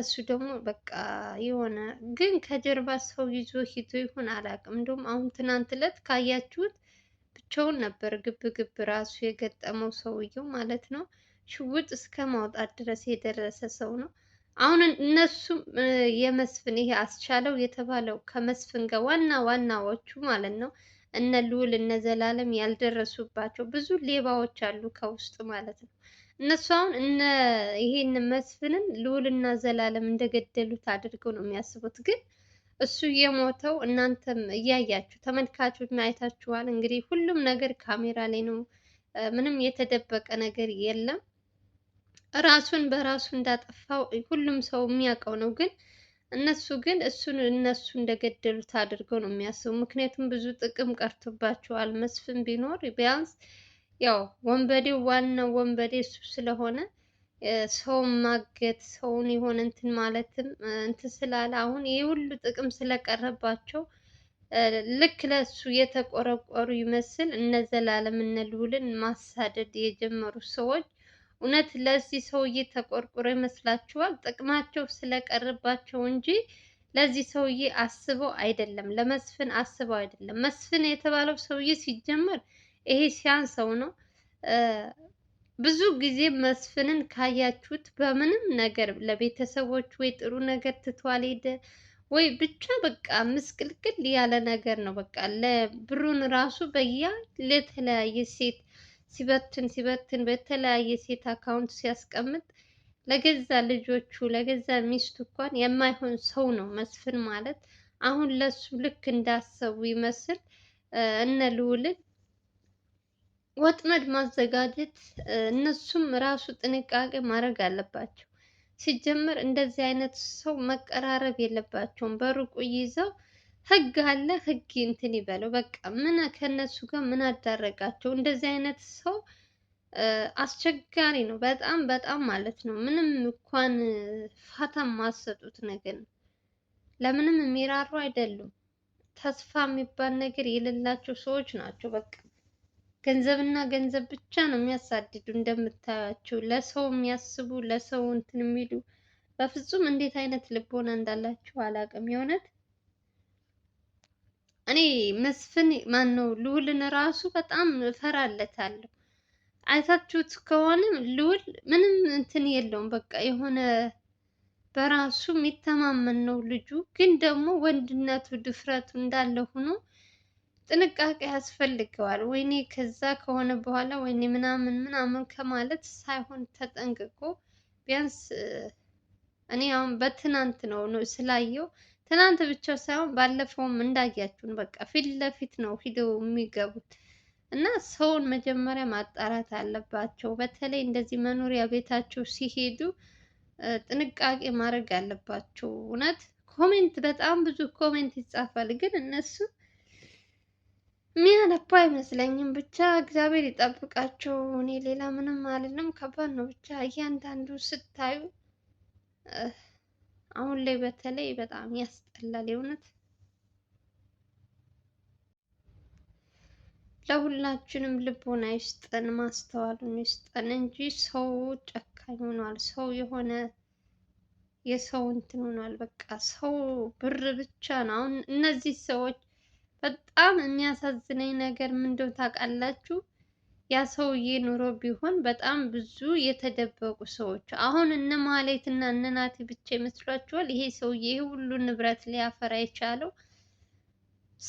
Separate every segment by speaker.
Speaker 1: እሱ ደግሞ በቃ የሆነ ግን ከጀርባ ሰው ይዞ ሂዶ ይሁን አላውቅም። እንደውም አሁን ትናንት ዕለት ካያችሁት ብቻውን ነበር ግብ ግብ ራሱ የገጠመው ሰውየው ማለት ነው። ሽውጥ እስከ ማውጣት ድረስ የደረሰ ሰው ነው። አሁን እነሱም የመስፍን ይሄ አስቻለው የተባለው ከመስፍን ጋር ዋና ዋናዎቹ ማለት ነው እነ ልዑል እነ ዘላለም ያልደረሱባቸው ብዙ ሌባዎች አሉ ከውስጥ ማለት ነው። እነሱ አሁን እነ ይሄን መስፍንን ልዑልና ዘላለም እንደገደሉት አድርገው ነው የሚያስቡት። ግን እሱ የሞተው እናንተም እያያችሁ ተመልካቾች አይታችኋል። እንግዲህ ሁሉም ነገር ካሜራ ላይ ነው። ምንም የተደበቀ ነገር የለም። ራሱን በራሱ እንዳጠፋው ሁሉም ሰው የሚያውቀው ነው። ግን እነሱ ግን እሱን እነሱ እንደገደሉት አድርገው ነው የሚያስቡ። ምክንያቱም ብዙ ጥቅም ቀርቶባቸዋል። መስፍን ቢኖር ቢያንስ ያው ወንበዴው ዋናው ወንበዴ እሱ ስለሆነ ሰውን ማገት ሰውን የሆነ እንትን ማለትም እንትን ስላለ አሁን ይህ ሁሉ ጥቅም ስለቀረባቸው ልክ ለሱ የተቆረቆሩ ይመስል እነ ዘላለም እነ ልዑልን ማሳደድ የጀመሩ ሰዎች እውነት ለዚህ ሰውዬ ተቆርቁሮ ይመስላችኋል? ጥቅማቸው ስለቀረባቸው እንጂ ለዚህ ሰውዬ አስበው አይደለም፣ ለመስፍን አስበው አይደለም። መስፍን የተባለው ሰውዬ ሲጀመር ይሄ ሲያንሰው ነው። ብዙ ጊዜ መስፍንን ካያችሁት በምንም ነገር ለቤተሰቦች ወይ ጥሩ ነገር ትቷል ሄደ ወይ ብቻ በቃ ምስቅልቅል ያለ ነገር ነው። በቃ ለብሩን ራሱ በያ ለተለያየ ሴት ሲበትን ሲበትን በተለያየ ሴት አካውንት ሲያስቀምጥ ለገዛ ልጆቹ ለገዛ ሚስቱ እንኳን የማይሆን ሰው ነው መስፍን ማለት። አሁን ለሱ ልክ እንዳሰቡ ይመስል እነ ወጥመድ ማዘጋጀት እነሱም ራሱ ጥንቃቄ ማድረግ አለባቸው። ሲጀመር እንደዚህ አይነት ሰው መቀራረብ የለባቸውም። በሩቁ ይዘው ህግ አለ ህግ እንትን ይበለው በቃ ምን ከነሱ ጋር ምን አዳረጋቸው? እንደዚህ አይነት ሰው አስቸጋሪ ነው። በጣም በጣም ማለት ነው። ምንም እንኳን ፋታ ማሰጡት ነገር ነው። ለምንም የሚራሩ አይደሉም። ተስፋ የሚባል ነገር የሌላቸው ሰዎች ናቸው በቃ ገንዘብና ገንዘብ ብቻ ነው የሚያሳድዱ። እንደምታያቸው ለሰው የሚያስቡ ለሰው እንትን የሚሉ በፍጹም እንዴት አይነት ልቦና እንዳላችሁ አላውቅም። የእውነት እኔ መስፍን ማን ነው ልዑልን ራሱ በጣም እፈራለታለሁ። አይታችሁት ከሆነ ልዑል ምንም እንትን የለውም። በቃ የሆነ በራሱ የሚተማመን ነው ልጁ። ግን ደግሞ ወንድነቱ ድፍረቱ እንዳለ ሆኖ ጥንቃቄ ያስፈልገዋል። ወይኔ ከዛ ከሆነ በኋላ ወይኔ ምናምን ምናምን ከማለት ሳይሆን ተጠንቅቆ ቢያንስ እኔ አሁን በትናንት ነው ስላየው ትናንት ብቻ ሳይሆን ባለፈውም እንዳያችሁን በቃ ፊት ለፊት ነው ሂደው የሚገቡት እና ሰውን መጀመሪያ ማጣራት አለባቸው። በተለይ እንደዚህ መኖሪያ ቤታቸው ሲሄዱ ጥንቃቄ ማድረግ አለባቸው። እውነት ኮሜንት፣ በጣም ብዙ ኮሜንት ይጻፋል፣ ግን እነሱ የሚያነባ አይመስለኝም። ብቻ እግዚአብሔር ይጠብቃቸው። እኔ ሌላ ምንም አልልም። ከባድ ነው። ብቻ እያንዳንዱ ስታዩ አሁን ላይ በተለይ በጣም ያስጠላል። የእውነት ለሁላችንም ልቦና ይስጠን፣ ማስተዋሉን ይስጠን እንጂ ሰው ጨካኝ ሆኗል። ሰው የሆነ የሰው እንትን ሆኗል። በቃ ሰው ብር ብቻ ነው። አሁን እነዚህ ሰዎች በጣም የሚያሳዝነኝ ነገር ምንድን ታውቃላችሁ? ያ ሰውዬ ኑሮ ቢሆን በጣም ብዙ የተደበቁ ሰዎች አሁን እነ ማህሌት እና እነ ናቲ ብቻ ይመስሏችኋል ይሄ ሰውዬ ይሄ ሁሉ ንብረት ሊያፈራ የቻለው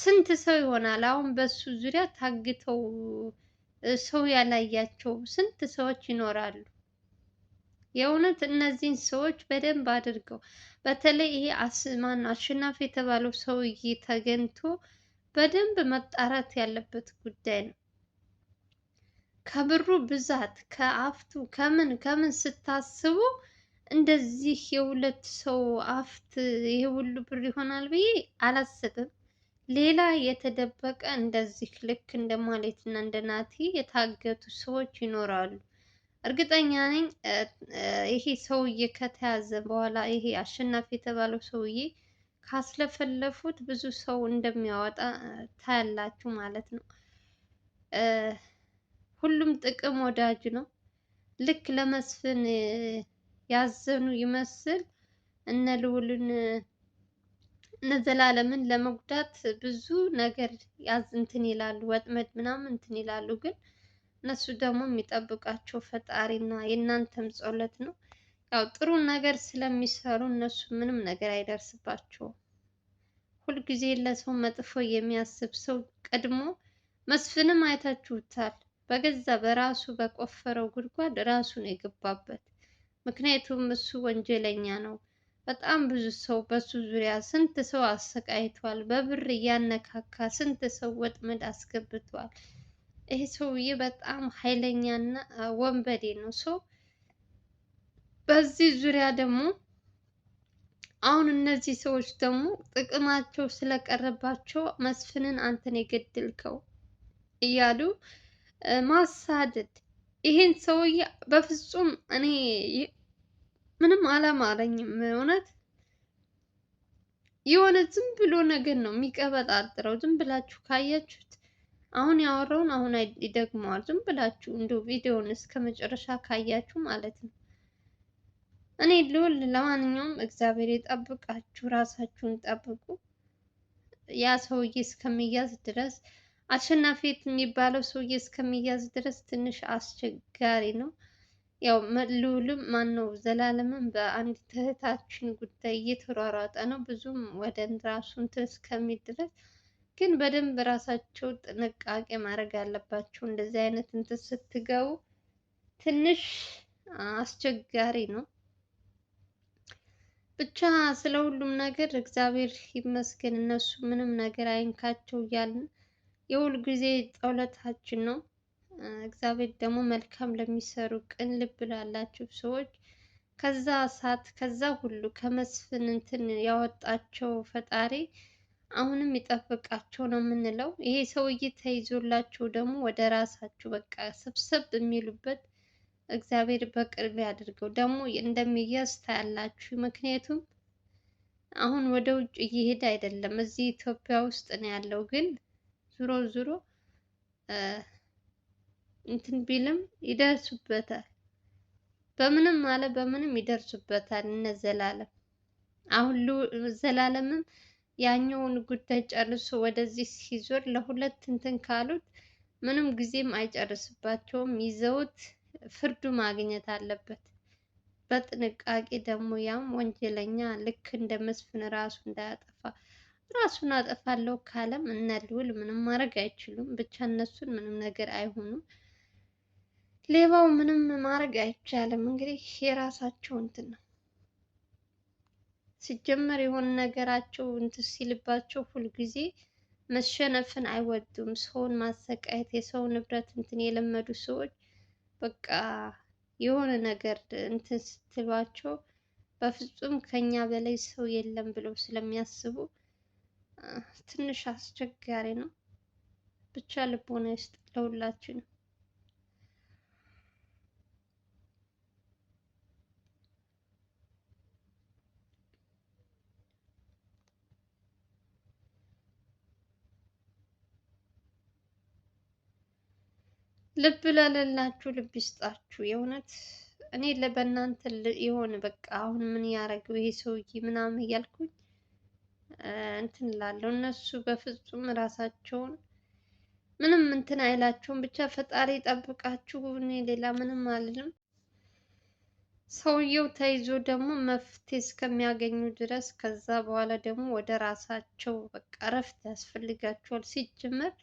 Speaker 1: ስንት ሰው ይሆናል? አሁን በሱ ዙሪያ ታግተው ሰው ያላያቸው ስንት ሰዎች ይኖራሉ? የእውነት እነዚህን ሰዎች በደንብ አድርገው በተለይ ይሄ ማነው አሸናፊ የተባለው ሰውዬ ተገኝቶ በደንብ መጣራት ያለበት ጉዳይ ነው። ከብሩ ብዛት ከአፍቱ ከምን ከምን ስታስቡ እንደዚህ የሁለት ሰው አፍት ይሄ ሁሉ ብር ይሆናል ብዬ አላስብም። ሌላ የተደበቀ እንደዚህ ልክ እንደ ማሌት እና እንደ ናቲ የታገቱ ሰዎች ይኖራሉ። እርግጠኛ ነኝ ይሄ ሰውዬ ከተያዘ በኋላ ይሄ አሸናፊ የተባለው ሰውዬ ካስለፈለፉት ብዙ ሰው እንደሚያወጣ ታያላችሁ ማለት ነው። ሁሉም ጥቅም ወዳጅ ነው። ልክ ለመስፍን ያዘኑ ይመስል እነ ልዑልን እነ ዘላለምን ለመጉዳት ብዙ ነገር ያዝ እንትን ይላሉ፣ ወጥመድ ምናምን እንትን ይላሉ። ግን እነሱ ደግሞ የሚጠብቃቸው ፈጣሪና የእናንተም ጸሎት ነው። ያው ጥሩ ነገር ስለሚሰሩ እነሱ ምንም ነገር አይደርስባቸውም። ሁልጊዜ ለሰው መጥፎ የሚያስብ ሰው ቀድሞ መስፍንም አይታችሁታል። በገዛ በራሱ በቆፈረው ጉድጓድ ራሱ ነው የገባበት። ምክንያቱም እሱ ወንጀለኛ ነው። በጣም ብዙ ሰው በሱ ዙሪያ ስንት ሰው አሰቃይቷል። በብር እያነካካ ስንት ሰው ወጥመድ አስገብቷል። ይሄ ሰውዬ በጣም ኃይለኛና ወንበዴ ነው ሰው በዚህ ዙሪያ ደግሞ አሁን እነዚህ ሰዎች ደግሞ ጥቅማቸው ስለቀረባቸው መስፍንን አንተን የገደልከው እያሉ ማሳደድ፣ ይህን ሰውዬ በፍጹም እኔ ምንም አላማረኝም። እውነት የሆነ ዝም ብሎ ነገር ነው የሚቀበጣጥረው። ዝም ብላችሁ ካያችሁት አሁን ያወራውን አሁን ይደግመዋል። ዝም ብላችሁ እንዲሁ ቪዲዮውን እስከ መጨረሻ ካያችሁ ማለት ነው። እኔ ልውል ለማንኛውም እግዚአብሔር የጠብቃችሁ፣ ራሳችሁን ጠብቁ። ያ ሰውዬ እስከሚያዝ ድረስ አሸናፊ የሚባለው ሰውዬ እስከሚያዝ ድረስ ትንሽ አስቸጋሪ ነው። ያው ልውልም ማን ነው ዘላለምም በአንድ እህታችን ጉዳይ እየተሯሯጠ ነው ብዙም ወደ ራሱ እንትን እስከሚል ድረስ ግን በደንብ ራሳቸው ጥንቃቄ ማድረግ አለባቸው። እንደዚህ አይነት እንትን ስትገቡ ትንሽ አስቸጋሪ ነው። ብቻ ስለ ሁሉም ነገር እግዚአብሔር ይመስገን። እነሱ ምንም ነገር አይንካቸው እያልን የሁል ጊዜ ጠውለታችን ነው። እግዚአብሔር ደግሞ መልካም ለሚሰሩ ቅን ልብ ላላቸው ሰዎች ከዛ እሳት ከዛ ሁሉ ከመስፍን እንትን ያወጣቸው ፈጣሪ አሁንም ይጠብቃቸው ነው የምንለው። ይሄ ሰውዬ ተይዞላቸው ደግሞ ወደ ራሳችሁ በቃ ሰብሰብ የሚሉበት እግዚአብሔር በቅርብ ያድርገው። ደግሞ እንደሚያዝ ታያላችሁ። ምክንያቱም አሁን ወደ ውጭ እየሄደ አይደለም፣ እዚህ ኢትዮጵያ ውስጥ ነው ያለው። ግን ዙሮ ዙሮ እንትን ቢልም ይደርሱበታል። በምንም አለ በምንም ይደርሱበታል እነ ዘላለም። አሁን ዘላለምም ያኛውን ጉዳይ ጨርሶ ወደዚህ ሲዞር ለሁለት እንትን ካሉት ምንም ጊዜም አይጨርስባቸውም ይዘውት ፍርዱ ማግኘት አለበት። በጥንቃቄ ደግሞ ያም ወንጀለኛ ልክ እንደ መስፍን ራሱ እንዳያጠፋ ራሱን አጠፋለሁ ካለም እነ ልዑል ምንም ማድረግ አይችሉም። ብቻ እነሱን ምንም ነገር አይሆኑም። ሌባው ምንም ማድረግ አይቻልም። እንግዲህ የራሳቸው እንትን ነው። ሲጀመር የሆነ ነገራቸው እንትን ሲልባቸው ሁልጊዜ መሸነፍን አይወዱም። ሰውን ማሰቃየት፣ የሰው ንብረት እንትን የለመዱ ሰዎች በቃ የሆነ ነገር እንትን ስትሏቸው በፍጹም ከኛ በላይ ሰው የለም ብለው ስለሚያስቡ ትንሽ አስቸጋሪ ነው። ብቻ ልቦና ይስጥ ለሁላችንም። ልብ ለሌላችሁ ልብ ይስጣችሁ። የእውነት እኔ ለበእናንተ የሆነ በቃ አሁን ምን ያደረገው ይሄ ሰውዬ ምናምን እያልኩኝ እንትን ላለው እነሱ በፍጹም ራሳቸውን ምንም እንትን አይላቸውም። ብቻ ፈጣሪ ጠብቃችሁ። እኔ ሌላ ምንም አልልም። ሰውየው ተይዞ ደግሞ መፍትሄ እስከሚያገኙ ድረስ ከዛ በኋላ ደግሞ ወደ ራሳቸው በቃ እረፍት ያስፈልጋቸዋል ሲጀመር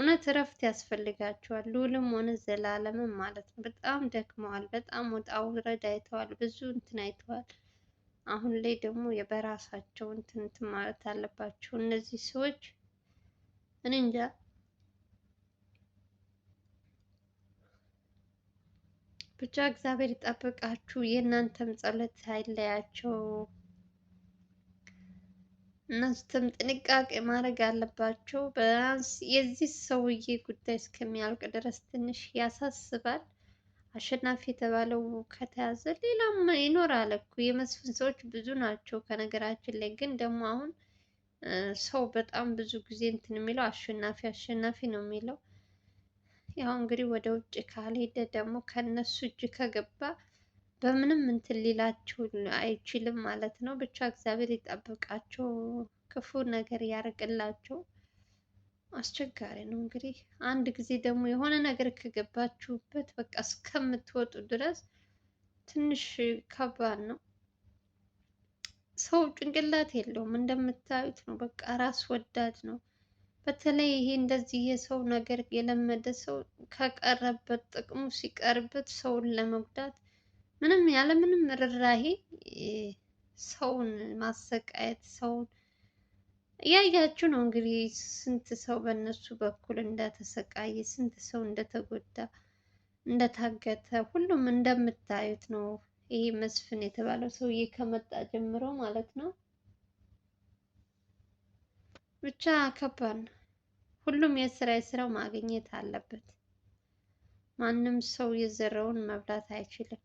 Speaker 1: እውነት እረፍት ያስፈልጋቸዋል። ልዑልም ሆነ ዘላለምም ማለት ነው። በጣም ደክመዋል። በጣም ወጣ ውረድ አይተዋል። ብዙ እንትን አይተዋል። አሁን ላይ ደግሞ የበራሳቸው እንትን ማለት አለባቸው እነዚህ ሰዎች። እኔ እንጃ ብቻ እግዚአብሔር ይጠብቃችሁ። የእናንተም ጸሎት አይለያቸው። እነሱም ጥንቃቄ ማድረግ አለባቸው። ቢያንስ የዚህ ሰውዬ ጉዳይ እስከሚያልቅ ድረስ ትንሽ ያሳስባል። አሸናፊ የተባለው ከተያዘ ሌላም ይኖራል እኮ የመስፍን ሰዎች ብዙ ናቸው። ከነገራችን ላይ ግን ደግሞ አሁን ሰው በጣም ብዙ ጊዜ እንትን የሚለው አሸናፊ አሸናፊ ነው የሚለው። ያው እንግዲህ ወደ ውጭ ካልሄደ ደግሞ ከነሱ እጅ ከገባ በምንም እንትን ሊላችሁ አይችልም ማለት ነው። ብቻ እግዚአብሔር ይጠብቃቸው፣ ክፉ ነገር ያርቅላቸው። አስቸጋሪ ነው እንግዲህ። አንድ ጊዜ ደግሞ የሆነ ነገር ከገባችሁበት በቃ እስከምትወጡ ድረስ ትንሽ ከባድ ነው። ሰው ጭንቅላት የለውም እንደምታዩት ነው። በቃ ራስ ወዳድ ነው። በተለይ ይሄ እንደዚህ የሰው ነገር የለመደ ሰው ከቀረበት ጥቅሙ ሲቀርበት ሰውን ለመጉዳት ምንም ያለ ምንም ርህራሄ ሰውን ማሰቃየት ሰውን እያያችሁ ነው እንግዲህ ስንት ሰው በእነሱ በኩል እንደተሰቃየ ስንት ሰው እንደተጎዳ እንደታገተ ሁሉም እንደምታዩት ነው። ይሄ መስፍን የተባለው ሰውዬ ከመጣ ጀምሮ ማለት ነው። ብቻ ከባድ ነው። ሁሉም የስራ የስራው ማግኘት አለበት። ማንም ሰው የዘረውን መብላት አይችልም።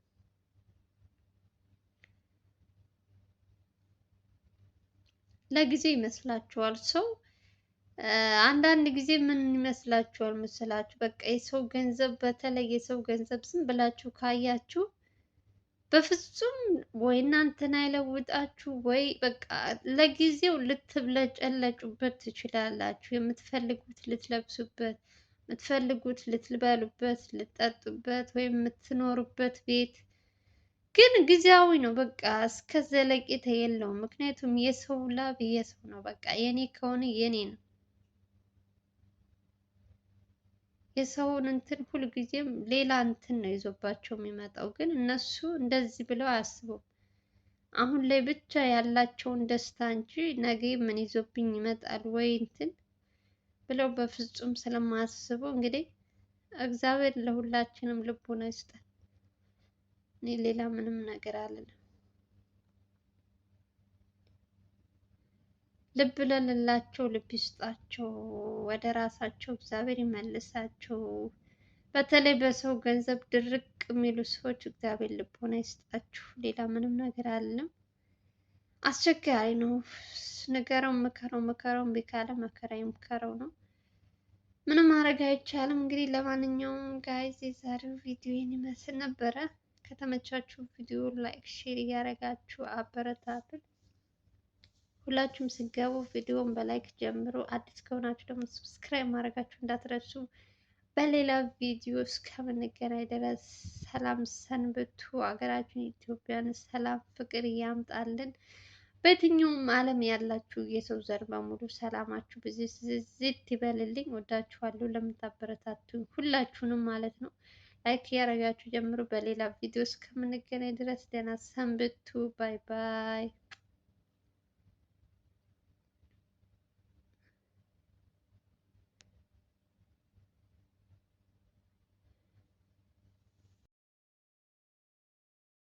Speaker 1: ለጊዜው ይመስላችኋል ሰው አንዳንድ ጊዜ ምን ይመስላችኋል መሰላችሁ? በቃ የሰው ገንዘብ በተለይ የሰው ገንዘብ ዝም ብላችሁ ካያችሁ በፍጹም ወይ እናንተን አይለውጣችሁ ወይ በቃ ለጊዜው ልትብለጨለጩበት ትችላላችሁ። የምትፈልጉት ልትለብሱበት፣ የምትፈልጉት ልትበሉበት፣ ልትጠጡበት ወይም የምትኖሩበት ቤት ግን ጊዜያዊ ነው። በቃ እስከ ዘለቂት የለውም። ምክንያቱም የሰው ላብ የሰው ነው። በቃ የኔ ከሆነ የኔ ነው። የሰውን እንትን ሁልጊዜም ሌላ እንትን ነው ይዞባቸው የሚመጣው። ግን እነሱ እንደዚህ ብለው አያስቡም። አሁን ላይ ብቻ ያላቸውን ደስታ እንጂ ነገ ምን ይዞብኝ ይመጣል ወይ እንትን ብለው በፍጹም ስለማያስቡ እንግዲህ እግዚአብሔር ለሁላችንም ልቦና ይስጠን። እኔ ሌላ ምንም ነገር አልልም። ልብ ለሌላቸው ልብ ይስጣቸው፣ ወደ ራሳቸው እግዚአብሔር ይመልሳቸው። በተለይ በሰው ገንዘብ ድርቅ የሚሉ ሰዎች እግዚአብሔር ልቦና ይስጣችሁ። ሌላ ምንም ነገር አለም። አስቸጋሪ ነው። ንገረው፣ ምከረው፣ ምከረው እምቢ ካለ መከራ ይምከረው ነው። ምንም ማድረግ አይቻልም። እንግዲህ ለማንኛውም ጋይዝ የዛሬው ቪዲዮ ይህን ይመስል ነበረ። ከተመቻችሁ ቪዲዮ ላይክ፣ ሼር እያደረጋችሁ አበረታቱን። ሁላችሁም ስገቡ ቪዲዮን በላይክ ጀምሮ አዲስ ከሆናችሁ ደግሞ ሰብስክራይብ ማድረጋችሁ እንዳትረሱ። በሌላ ቪዲዮ እስከምንገናኝ ድረስ ሰላም ሰንብቱ። አገራችን ኢትዮጵያን ሰላም ፍቅር እያምጣልን። በየትኛውም ዓለም ያላችሁ የሰው ዘር በሙሉ ሰላማችሁ ዝት ይበልልኝ። ወዳችኋለሁ። ለምታበረታቱኝ ሁላችሁንም ማለት ነው። ላይክ እያደረጋችሁ ጀምሩ። በሌላ ቪዲዮ እስከምንገናኝ ድረስ ደህና ሰንብቱ። ባይ ባይ።